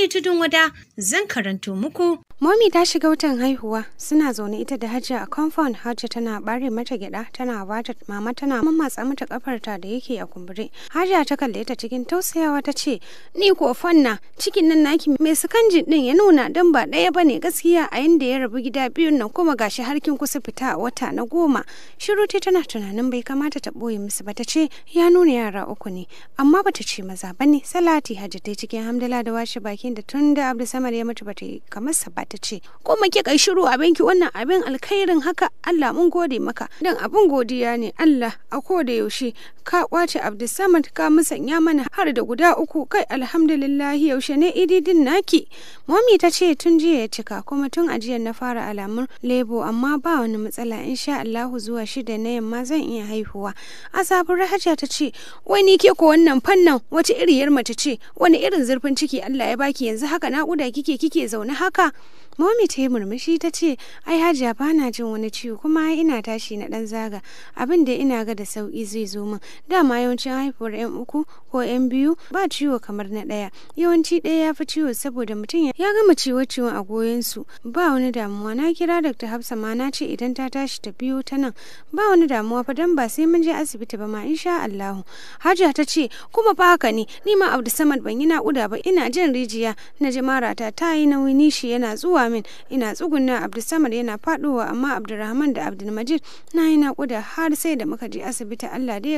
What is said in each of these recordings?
ni tudun wada zan karanto muku Momi ta shiga wutan haihuwa suna zaune ita da Hajiya a compound Hajiya tana bare mata gyada tana wata mama tana matsa mata kafarta da yake a kumbure. Hajiya ta kalle ta cikin tausayawa ta ce ni ko fanna cikin nan naki mai sukanjin din ya nuna dan ba daya bane gaskiya a yanda ya rabu gida biyun nan kuma gashi har kin kusa fita a wata na goma. shiru ta tana tunanin bai kamata ta boye musu ba ta ce ya nuna yara uku ne amma bata ce maza bane Salati Hajiya ta cikin hamdala da washe bakin da tunda da Abdul Samad ya mutu bata kamar sabat. ta ce ko muke kai shiru abinki wannan abin alkhairin haka Allah mun gode maka dan abin godiya ne Allah a koda yaushe ka kwace Abdulsamad ka musanya mana har da guda uku kai alhamdulillah yaushe ne ididin naki Mami ta ce tun jiya ya cika kuma tun ajiya na fara alamun lebo amma ba wani matsala insha Allahu zuwa shida na yamma zan iya haihuwa Asabu rahaja ta ce wai ni ke ko wannan fannan wace iriyar mace ce wani irin zurfin ciki Allah ya baki yanzu haka na kuda kike kike zaune haka Momi ta yi murmushi ta ce, "Ai Hajiya ba na jin wani ciwo kuma ina tashi na ɗan zaga. Abin da ina ga da sauki zai zo min. Dama yawancin haifuwar yan uku ko yan biyu ba ciwo kamar na ɗaya. Yawanci ɗaya ya fi ciwo saboda mutum ya gama ciwo-ciwon a goyon Ba wani damuwa na kira Dr. Hafsa ma na ce idan ta tashi ta biyo ta nan. Ba wani damuwa fa dan ba sai mun je asibiti ba ma insha Allahu. Hajiya ta ce, "Kuma fa haka ne, ni ma Abdulsamad ban yi naƙuda ba ina jin rijiya na ji marata ta yi nauyi nishi yana zuwa zuwa min ina tsugunna abdulsamad yana faduwa amma abdulrahman da abdulmajid na yi nakuda har sai da muka je asibiti allah da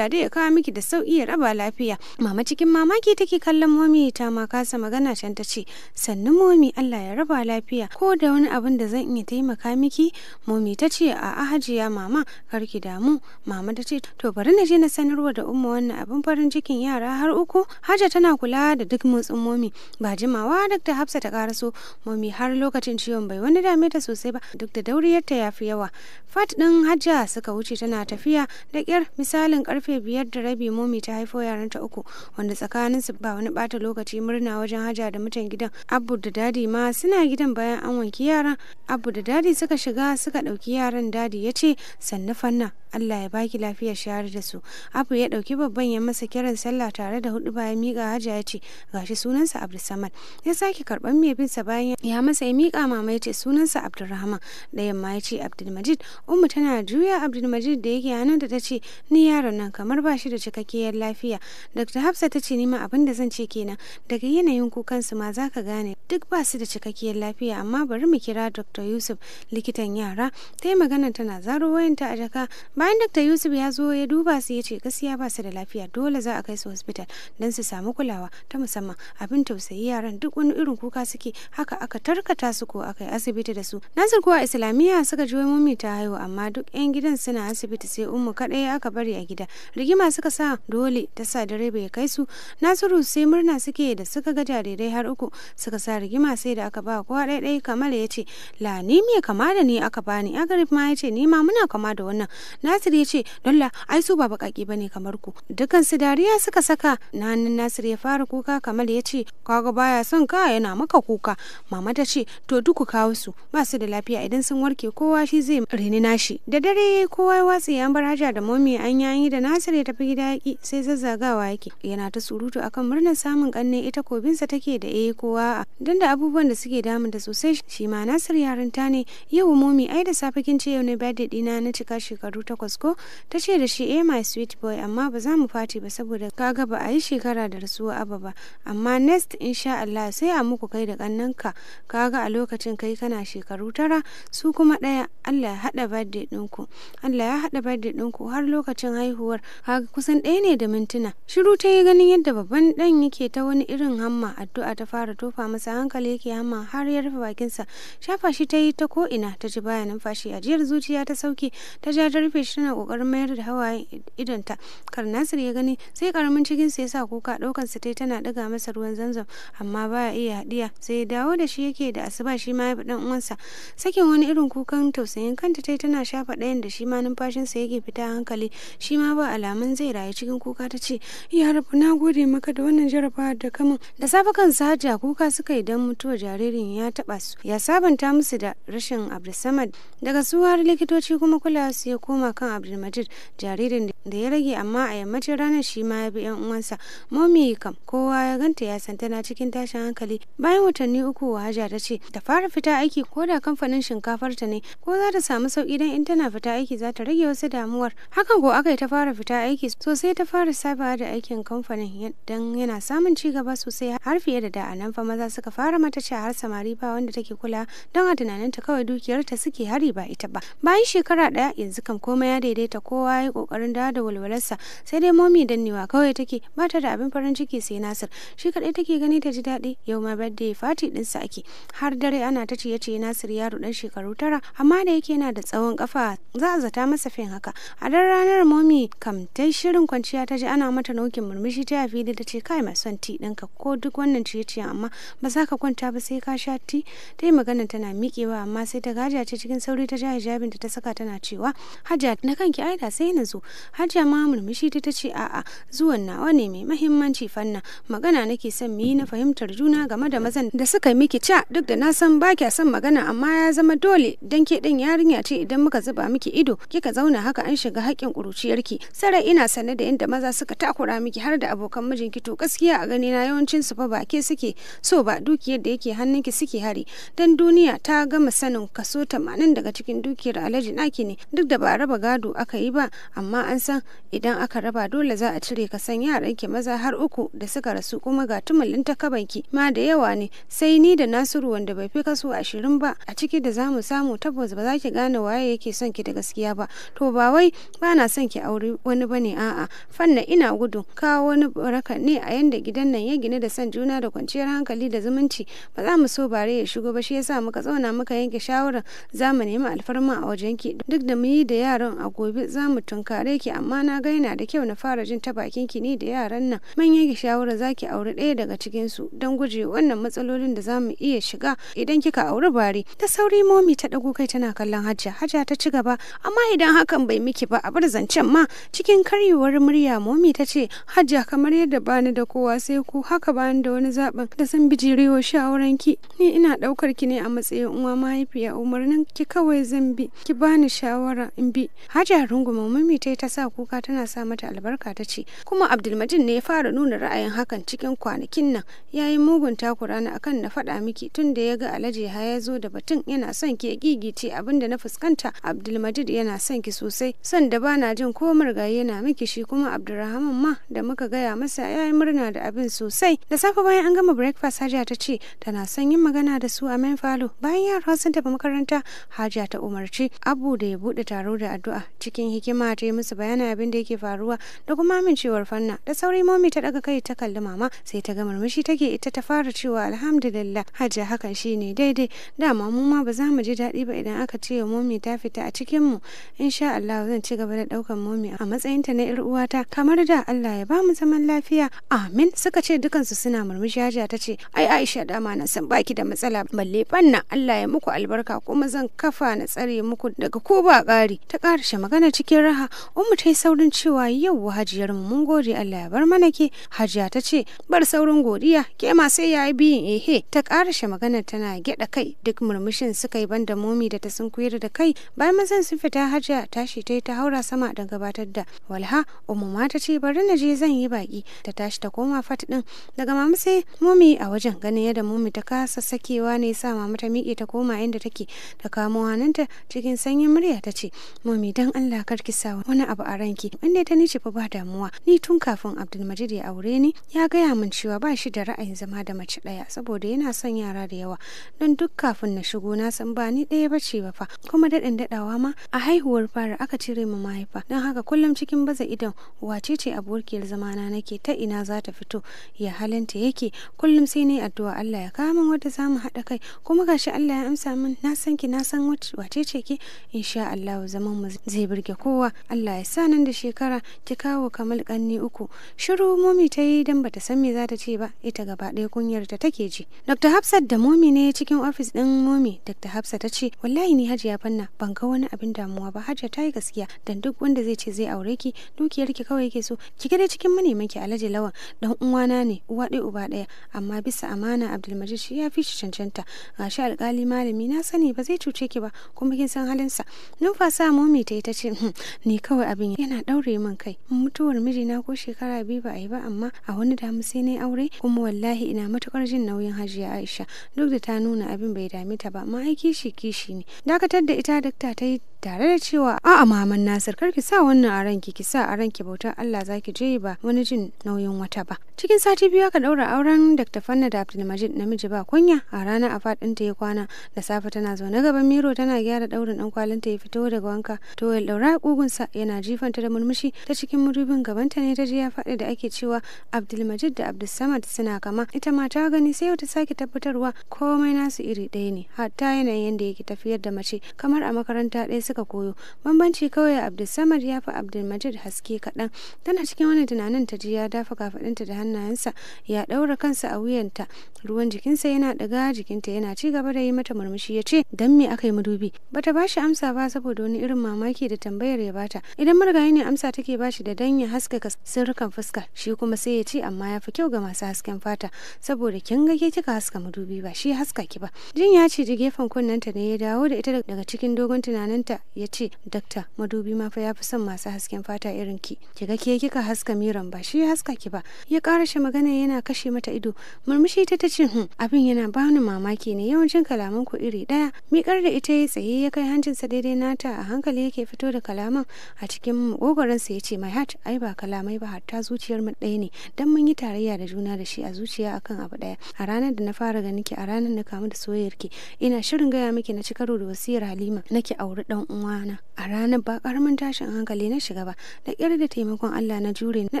ya kawo miki da sauki ya raba lafiya mama cikin mamaki take kallon momi ta ma kasa magana can ta ce sannu momi allah ya raba lafiya ko da wani abin da zan iya taimaka miki momi ta ce a hajiya mama karki damu mama ta ce to bari na je na sanarwa da umma wannan abin farin cikin yara har uku haja tana kula da duk motsin momi ba jimawa duk da hafsa ta karaso momi har lokacin ciwon bai wani dame ta sosai ba duk da dauriyarta ya fi yawa fat din hajja suka wuce tana tafiya da kyar misalin karfe biyar da rabi momi ta haifo yaran ta uku wanda tsakaninsu ba wani bata lokaci murna wajen hajja da mutan gidan abu da dadi ma suna gidan bayan an wanki yaran abu da dadi suka shiga suka dauki yaran dadi ya ce sannu fanna Allah ya baki lafiya shayar da su abu ya dauki babban ya masa kiran sallah tare da hudu bayan miƙa hajja ya ce gashi sunansa abdulsamad ya sake karban mai binsa bayan bayan ya masa ya miƙa mama ya ce sunansa Abdulrahman da yamma ya ce Abdulmajid Umu tana juya Abdulmajid da yake hannun da ta ce ni yaron nan kamar ba shi da cikakkiyar lafiya Dr. Hafsa ta ce nima abin da zan ce kenan daga yanayin kukansu ma za ka gane duk ba su da cikakkiyar lafiya amma bari mu kira Dr. Yusuf likitan yara ta yi magana tana zaro wayanta a jaka bayan Dr. Yusuf ya zo ya duba su ya ce gaskiya ba su da lafiya dole za a kai su hospital don su samu kulawa ta musamman abin tausayi yaran duk wani irin kuka suke har haka aka tarkata su ko aka yi asibiti da su nasir kuwa islamiyya suka ji mummi ta haihu amma duk yan gidan suna asibiti sai ummu kaɗai aka bari a gida rigima suka sa dole ta sa direba ya kai su nasiru sai murna suke da suka ga jarirai har uku suka sa rigima sai da aka ba kowa ɗaya kamal ya ce la ni me kama da ni aka bani agarif ma ya ce ni ma muna kama da wannan nasir ya ce dalla ai su ba bakaki ne kamar ku Dukkan su dariya suka saka na hannun nasir ya fara kuka kamal ya ce kaga baya son ka yana maka kuka mama ta ce to duku kawo su ba su da lafiya idan sun warke kowa shi zai rini nashi da dare kowa ya watsi an bar haja da momi an yayi da nasir ya tafi gida yaki sai zazzagawa yake yana ta surutu akan murnar samun kanne ita kobinsa take da eh kowa dan da abubuwan da suke damun da sosai shi ma nasir yarinta ne yau momi ai da safe kin ce yau ne birthday dina na cika shekaru takwas ko ta ce da shi eh my sweet boy amma ba za mu fati ba saboda kaga ba a yi shekara da rasuwa aba ba amma next insha Allah sai a muku kai da kannan ka kaga a lokacin kai kana shekaru tara su kuma ɗaya Allah ya haɗa birthday ɗinku Allah ya haɗa birthday ɗinku har lokacin haihuwar kaga kusan ɗaya ne da mintuna shiru ta yi ganin yadda babban ɗan yake ta wani irin hamma addu'a ta fara tofa masa hankali yake hamma har ya rufe bakinsa shafa shi ta yi ta ko ina ta ji baya numfashi ajiyar zuciya ta sauke ta ja ta rufe shi tana kokarin mayar da hawaye idonta kar nasir ya gani sai karamin cikin sa yasa kuka ɗaukan sa yi tana ɗaga masa ruwan zanzam amma baya iya haɗiya sai ya dawo dawo da shi yake da asuba shi ma ya dan uwansa sakin wani irin kukan tausayin kanta tai tana shafa ɗayan da shi ma numfashin sa yake fita hankali shi ma ba alamun zai rayu cikin kuka ta ce ya rabu na gode maka da wannan jarraba da kamun da safe kansa hajja kuka suka yi don mutuwa jaririn ya taba su ya sabanta musu da rashin abdulsamad daga su har likitoci kuma kula su ya koma kan abdulmajid jaririn da ya rage amma a yammacin ranar shi ma ya yan uwansa momi kam kowa ya ganta ya san tana cikin tashin hankali bayan watanni uku kowa Hajiya ta ce ta fara fita aiki ko da kamfanin shinkafar ta ne ko za ta samu sauki dan in tana fita aiki za ta rage wasu damuwar hakan ko aka yi ta fara fita aiki sosai ta fara saba da aikin kamfanin dan yana samun ci gaba sosai har fiye da da a nan fa maza suka fara mata ce har samari ba wanda take kula don a tunanin ta kawai dukiyar ta suke hari ba ita ba bayan shekara daya yanzu kan komai ya daidaita kowa ya yi kokarin dawo da walwalarsa sai dai momi dannewa kawai take ba ta da abin farin ciki sai nasir shi kadai take gani ta ji daɗi yau ma birthday fati din sa ake har dare ana ta ciye ciye nasir yaro dan shekaru tara amma da yake yana da tsawon kafa za a zata masa fin haka a dan ranar momi kam ta shirin kwanciya ta ji ana mata naukin murmushi ta yafi da ta ce kai mai son ti dinka ko duk wannan ciye yace amma ba za ka kwanta ba sai ka sha ti ta magana tana miƙewa amma sai ta gaja ce cikin sauri ta ja hijabin da ta saka tana cewa hajja na kanki aida sai na zo hajja ma murmushi ta ce a'a zuwan nawa ne mai mahimmanci fanna magana nake son mu yi na fahimtar juna game da mazan da suka yi miki ca duk da na san ba kya son magana amma ya zama dole dan ke din yarinya ce idan muka zuba miki ido kika zauna haka an shiga haƙƙin ƙuruciyarki sarai ina sane da yadda maza suka takura miki har da abokan mijinki to gaskiya a gani na yawancin su fa ba ke suke so ba dukiyar da yake hannunki suke hari dan duniya ta gama sanin kaso 80 daga cikin dukiyar alhaji naki ne duk da ba raba gado aka yi ba amma an san idan aka raba dole za a cire ka san yaranki maza har uku da suka rasu kuma ga tumullin takabanki ma da yawa ne sai ni ni da Nasiru wanda bai fi kaso ashirin ba a ciki da zamu samu tabbas ba za ki gane waye yake son ki da gaskiya ba to ba wai ba na son ki aure wani bane a'a fanna ina gudu kawo wani baraka ne a yanda gidan nan ya gine da son juna da kwanciyar hankali da zumunci ba za mu so bare ya shigo ba shi yasa muka zauna muka yanke shawarar za mu nemi alfarma a wajen ki duk da muyi da yaran a gobe za mu tunkare ki amma na ga yana da kyau na fara jin ta bakin ki ni da yaran nan mun yanke shawarar za ki aure ɗaya daga cikin su don guje wannan matsalolin da za za mu iya shiga idan kika auri bare ta sauri momi ta dago kai tana kallon hajja hajja ta ci gaba amma idan hakan bai miki ba a bar zancen ma cikin karyewar murya momi ta ce hajja kamar yadda bani da kowa sai ku haka bani da wani zaɓin da san bijirewa shawaran ki ni ina ɗaukar ki ne a matsayin uwa mahaifiya umarnin ki kawai zan bi ki bani shawara in bi hajja runguma momi ta yi ta sa kuka tana sa mata albarka ta ce kuma abdulmajid ne ya fara nuna ra'ayin hakan cikin kwanakin nan yayin mugun takura na akan na faɗa miki tun da ya ga Alhaji ya zo da batun yana son ki ya gigice abin da na fuskanta Abdulmajid yana son ki sosai son da bana jin ko murgaye yana miki shi kuma Abdulrahman ma da muka gaya masa ya yi murna da abin sosai da safe bayan an gama breakfast Hajiya ta ce tana son yin magana da su a main falo bayan yara sun tafi makaranta Hajiya ta umarci Abu da ya bude taro da addu'a cikin hikima ta yi musu bayanin abin da yake faruwa da kuma amincewar fanna da sauri momi ta daga kai ta kalli mama sai ta ga murmushi take ita ta fara cewa alhamdulillah alhamdulillah hakan hakan ne daidai dama mu ma ba za mu ji daɗi ba idan aka ce momi ta fita a cikin mu insha Allah zan ci gaba da ɗaukan momi a matsayinta na 'yar uwata kamar da Allah ya ba mu zaman lafiya amin suka ce dukansu suna murmushi hajiya ta ce ai Aisha dama na san baki da matsala balle banna Allah ya muku albarka kuma zan kafa na tsare muku daga ko ba ƙari ta ƙarshe magana cikin raha ummu ta yi saurin cewa yau hajiyar mu mun gode Allah ya bar mana ke hajiya ta ce bar saurin godiya ke ma sai yayi biyin ehe ta ta karashe maganar tana gyada kai duk murmushin suka yi banda momi da ta sunkuyar da kai bayan mazan sun fita hajiya tashi ta yi ta haura sama da gabatar da walha umma ta ce bari na je zan yi baki ta tashi ta koma fat din daga mamu sai momi a wajen ganin yadda momi ta kasa sakewa ne sa mamu ta miƙe ta koma inda take ta kamo hannunta cikin sanyin murya ta ce momi dan Allah kar sa wani abu a ranki inda ta nice fa ba damuwa ni tun kafin Abdulmajid ya aure ni ya gaya min cewa ba shi da ra'ayin zama da mace ɗaya saboda yana ina son yara da yawa don duk kafin na shigo na san ba ni ɗaya ce ba fa kuma daɗin daɗawa ma a haihuwar fara aka cire mu mahaifa don haka kullum cikin baza idon wace ce abokiyar zamana nake ta ina za ta fito ya halinta yake kullum sai ne addu'a Allah ya kawo min wadda za mu haɗa kai kuma gashi Allah ya amsa min na san ki na san wace ce ki insha Allah zaman mu zai burge kowa Allah ya sa nan da shekara ki kawo kamal kanni uku shiru momi ta yi dan bata san me za ta ce ba ita gaba ɗaya kunyar ta take ji Dr. Hafsat da Momi ne cikin ofis ɗin Momi. Dr. Hafsat ta ce, "Wallahi ni Hajiya Fanna, ban ga wani abin damuwa ba. Hajiya ta yi gaskiya, dan duk wanda zai ce zai aure ki, dukiyar ki kawai yake so. Ki ga cikin maneman ki Alhaji Lawan, dan uwana ne, uwa ɗaya uba ɗaya, amma bisa amana Abdulmajid shi ya fi shi cancanta. Gashi alƙali malami na sani ba zai cuce ki ba, kuma kin san halinsa." Numfasa Momi ta yi ta ce, hmm, "Ni kawai abin yana ɗaure min kai. Mutuwar mijina ko shekara biyu ba a yi ba, amma a wani damu sai na aure, kuma wallahi ina matuƙar jin nauyin Hajiya Aisha duk da ta nuna abin bai dame ta ba amma kishi kishi ne dakatar da ita dakta ta yi tare da cewa a a'a maman Nasir kar ki sa wannan a ranki ki sa a ranki bautar Allah zaki je ba wani jin nauyin wata ba cikin sati biyu aka daura auren Dr. Fanna da Abdulmajid namiji ba kunya a ranar a fadin ta ya kwana da safe tana na gaban miro tana gyara daurin ɗan kwalin ta ya fito daga wanka to ya daura sa yana jifanta da murmushi ta cikin murubin ta ne ta ji ya faɗi da ake cewa Abdulmajid da abdul samad suna kama ita ma ta gani sai ta sake tabbatarwa komai nasu iri ɗaya ne hatta yanayin yadda yake tafiyar da mace kamar a makaranta ɗaya suka koyo bambanci kawai abdul abdulsamad ya fi abdul abdulmajid haske kaɗan tana cikin wani tunanin ta ji ya dafa kafaɗinta da hannayensa ya ɗaura kansa a wuyanta ruwan jikinsa yana ɗaga jikinta yana ci gaba da yi mata murmushi ya ce dan me aka yi madubi bata ba shi amsa ba saboda wani irin mamaki da tambayar ya bata idan marigayi ne amsa take ba shi da dan ya haskaka sirrukan fuska shi kuma sai ya ce amma ya fi kyau ga masu hasken fata saboda kin ga ke kika haska madubi ba shi haska ki ba jin ya ce ji gefen kunnenta ne ya dawo da ita daga cikin dogon tunaninta ya ce dakta madubi ma fa ya fi son masu hasken fata irin ki ki ga ke kika haska miran ba shi haska ki ba ya ƙara shi magana yana kashe mata ido murmushi ta ta ce hun hmm, abin yana ba ni mamaki ne yawancin kalaman ku iri daya miƙar da ita ya tsaye ya kai hancinsa daidai nata a hankali yake fito da kalaman a cikin makogoransa ya ce mai hat ai ba kalamai ba hatta zuciyar mu ɗaya ne dan mun yi tarayya da juna da shi a zuciya akan abu ɗaya a ranar da na fara ganin ki a ranar na kamu da soyayyar ki ina shirin gaya miki na ci karo da wasiyar halima nake auri dan uwana a ranar ba karamin tashin hankali na shiga ba da kyar da taimakon Allah na jure na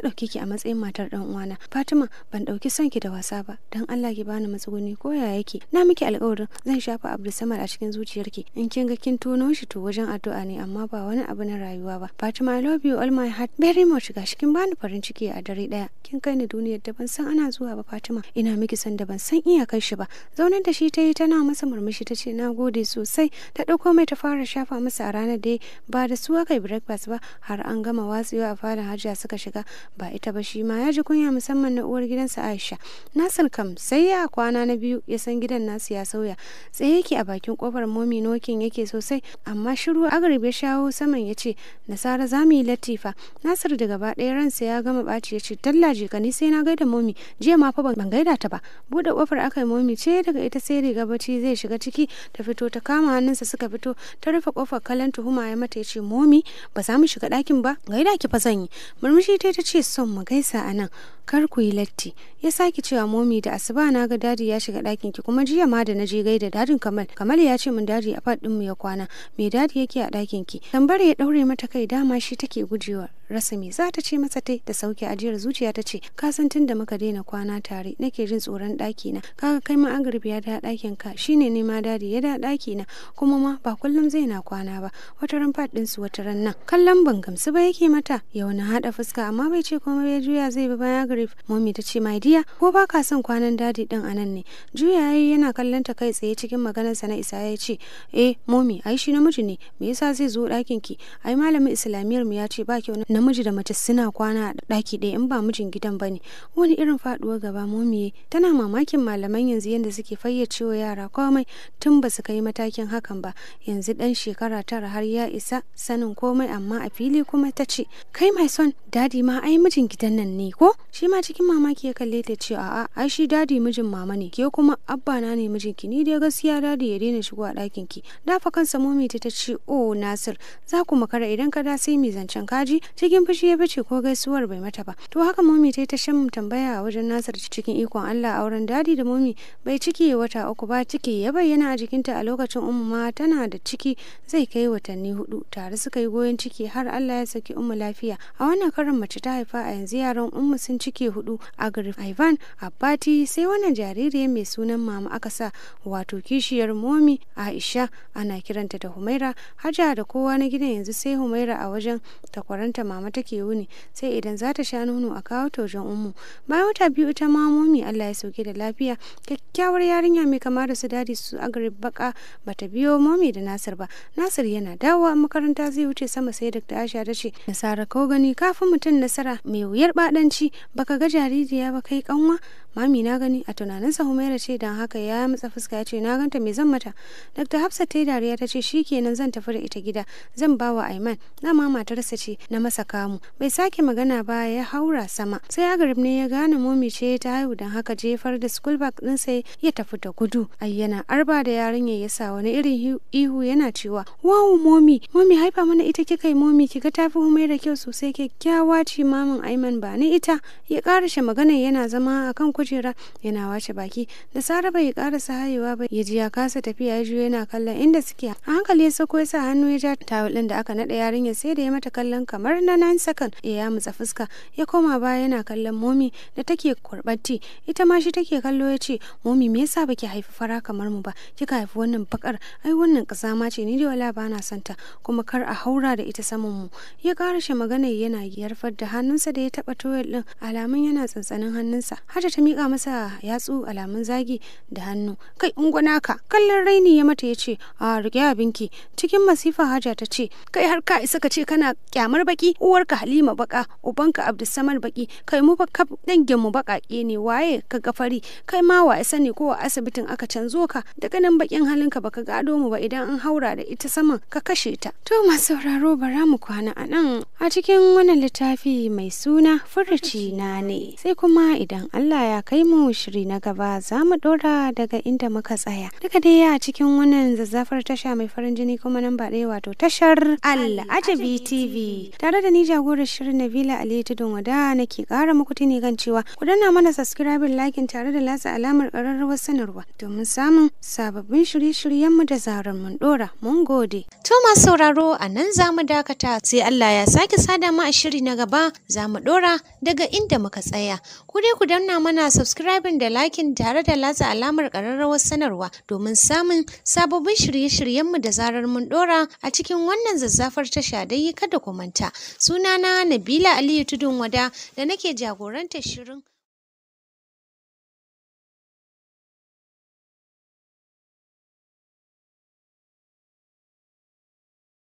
dauki ki a matsayin matar dan uwana Fatima ban dauki son ki da wasa ba dan Allah ki bani matsuguni ko ya yake na miki alƙawarin zan shafa Abdulsamad a cikin zuciyarki in kin ga kin tono shi to wajen addu'a ne amma ba wani abu na rayuwa ba Fatima I love you all my heart very much ga shi kin bani farin ciki a dare daya kin kai ni duniyar da ban san ana zuwa ba Fatima ina miki son da ban san kai shi ba zaunar da shi ta yi tana masa murmushi ta ce na gode sosai ta dauko mai ta fara shafa masa a ranar dai ba da su aka yi breakfast ba har an gama watsewa a falon hajiya suka shiga ba ita ba shi ma ya ji kunya musamman na uwar gidansa aisha nasir kam sai ya kwana na biyu ya san gidan nasu ya sauya tsaye yake a bakin kofar momi nokin yake sosai amma shiru agarbe shawo saman ya ce nasara za mu yi latifa nasir da gaba ɗaya ransa ya gama ɓaci ya ce tallaje ka ni sai na gaida momi jiya ma fa ban gaida ta ba buɗe kofar aka yi momi ce daga ita sai riga baci zai shiga ciki ta fito ta kama hannunsa suka fito ta rufe kofar kallon tuhuma ya mata ya ce momi ba za mu shiga ɗakin ba gaida ki fa zan yi murmushi ta ta ce son mu gaisa anan. kar ku yi latti ya sake cewa momi da asuba na ga dadi ya shiga ɗakin ki kuma jiya ma da naje gaida dadin kamal kamal ya ce min dadi a faɗin mu ya kwana me dadi yake a ɗakin ki tambare ya daure mata kai dama shi take gujewa rasa me za ta ce masa tai da sauki ajiyar zuciya ta ce ka san tun da muka daina kwana tare nake jin tsoron ɗaki na kaga kai ma agribi ya da ɗakin ka shine ne ma dadi ya da ɗaki na kuma ma ba kullum zai na kwana ba wata ran faɗin su wata ran nan kallon ban gamsu ba yake mata yau na haɗa fuska amma bai ce kuma ya juya zai bi baya grip mommy ta ce my dear ko ba ka son kwanan dadi din anan ne juya yayi yana kallon ta kai tsaye cikin sa na isa ya ce eh mommy ai shi namiji ne me yasa zai zo ɗakin ki ai malamin islamiyar mu ya ce ba kyau namiji da mace suna kwana a ɗaki ɗaya in ba mijin gidan bane wani irin faduwar gaba mommy tana mamakin malaman yanzu yanda suke fayyace wa yara komai tun ba su kai matakin hakan ba yanzu dan shekara tara har ya isa sanin komai amma a fili kuma ta ce kai mai son dadi ma ai mijin gidan nan ne ko shi ma cikin mamaki ya kalle ta ce a ai shi dadi mijin mama ne ke kuma abba na ne mijinki ni dai gaskiya dadi ya daina shigo a ɗakin ki dafa kansa momi ta ce o nasir za ku makara idan ka da sai mai zancen kaji cikin fushi ya bace ko gaisuwar bai mata ba to haka momi ta ta shan tambaya a wajen nasir cikin ikon allah auren dadi da momi bai ciki wata uku ba ciki ya bayyana a jikinta a lokacin umma tana da ciki zai kai watanni hudu tare suka yi goyon ciki har allah ya saki umu lafiya a wannan karin mace ta haifa a yanzu yaran umu sun ciki ciki hudu agrif ivan abbati sai wannan jaririyar mai sunan mama aka sa wato kishiyar momi aisha ana kiranta da humaira haja da kowa na gidan yanzu sai humaira a wajen takwaranta mama take wuni sai idan za ta sha nono a kawo wajen ummu bayan wata biyu ita ma momi allah ya sauke da lafiya kyakkyawar yarinya mai kama da su dadi su agrif baka bata biyo momi da nasir ba nasir yana dawowa makaranta zai wuce sama sai dr aisha ta ce nasara ko gani kafin mutum nasara mai wuyar badanci ba baka ga jaririya ba kai kanwa mami na gani a tunaninsa humaira ce don haka ya matsa fuska ya ce na ganta me zan mata dr hafsat ta yi dariya ta ce shikenan zan tafi da ita gida zan ba wa aiman na ma matarsa ce na masa kamu bai sake magana ba ya haura sama sai agarib ne ya gane momi ce ta haihu don haka jefar da school bag din sai ya tafi da gudu ayyana arba da yarinya ya sa wani irin ihu yana cewa wawu momi momi haifa mana ita kika yi momi kiga tafi humaira kyau sosai kyakkyawa ce mamin aiman ba ni ita ya karashe magana yana zama akan kujera yana wace baki da sara bai karasa hayewa ba ya ji ya kasa tafiya ya juya yana kallon inda suke a hankali ya sako ya sa hannu ya ja tawul din da aka nada yarinya sai da ya mata kallon kamar na nan sakan ya mutsa fuska ya koma baya yana kallon momi da take kurbatti ita ma shi take kallo ya ce momi me yasa baki haifi fara kamar mu ba kika haifi wannan bakar ai wannan kasa ma ce ni da wala bana santa kuma kar a haura da ita saman mu ya karashe magana yana yarfar da hannunsa da ya taba toyal din alamun yana tsantsanin hannunsa haja ta miƙa masa yatsu alamun zagi da hannu kai ungwana ka kallon raini ya mata ya ce a rike abinki cikin masifa haja ta ce kai har ka isa ka ce kana kyamar baki uwarka halima baka ubanka abdulsamar baki kai mu baka dangin mu bakake ne waye ka gafari kai ma wa isa ne ko a asibitin aka canzo ka daga nan bakin halinka baka gado mu ba idan an haura da ita saman ka kashe ta to masu sauraro bara mu kwana a nan a cikin wannan littafi mai suna furuci na ne sai kuma idan Allah ya kai mu shiri na gaba za mu ɗora daga inda muka tsaya. Duka dai a cikin wannan zazzafar tasha mai farin jini kuma nan ba ɗaya wato tashar Al'ajabi TV. Tare da ni jagorar shirin na vila Ali Tudun Wada nake ƙara muku tuni kan cewa ku danna mana subscribing likin tare da lasa alamar ƙararrawar sanarwa domin samun sababbin shirye-shiryenmu da zarar mun ɗora. Mun gode. To masu sauraro a nan za mu dakata sai Allah ya sake sada mu a shiri na gaba za mu ɗora daga inda muka tsaya. Ku dai ku danna mana subscribing da liking tare da latsa alamar ƙararrawar sanarwa domin samun sababbin shirye-shiryenmu da zarar mun ɗora a cikin wannan zazzafar tasha dai kada ku manta. Sunana Nabila Aliyu Tudun Wada da nake jagorantar shirin.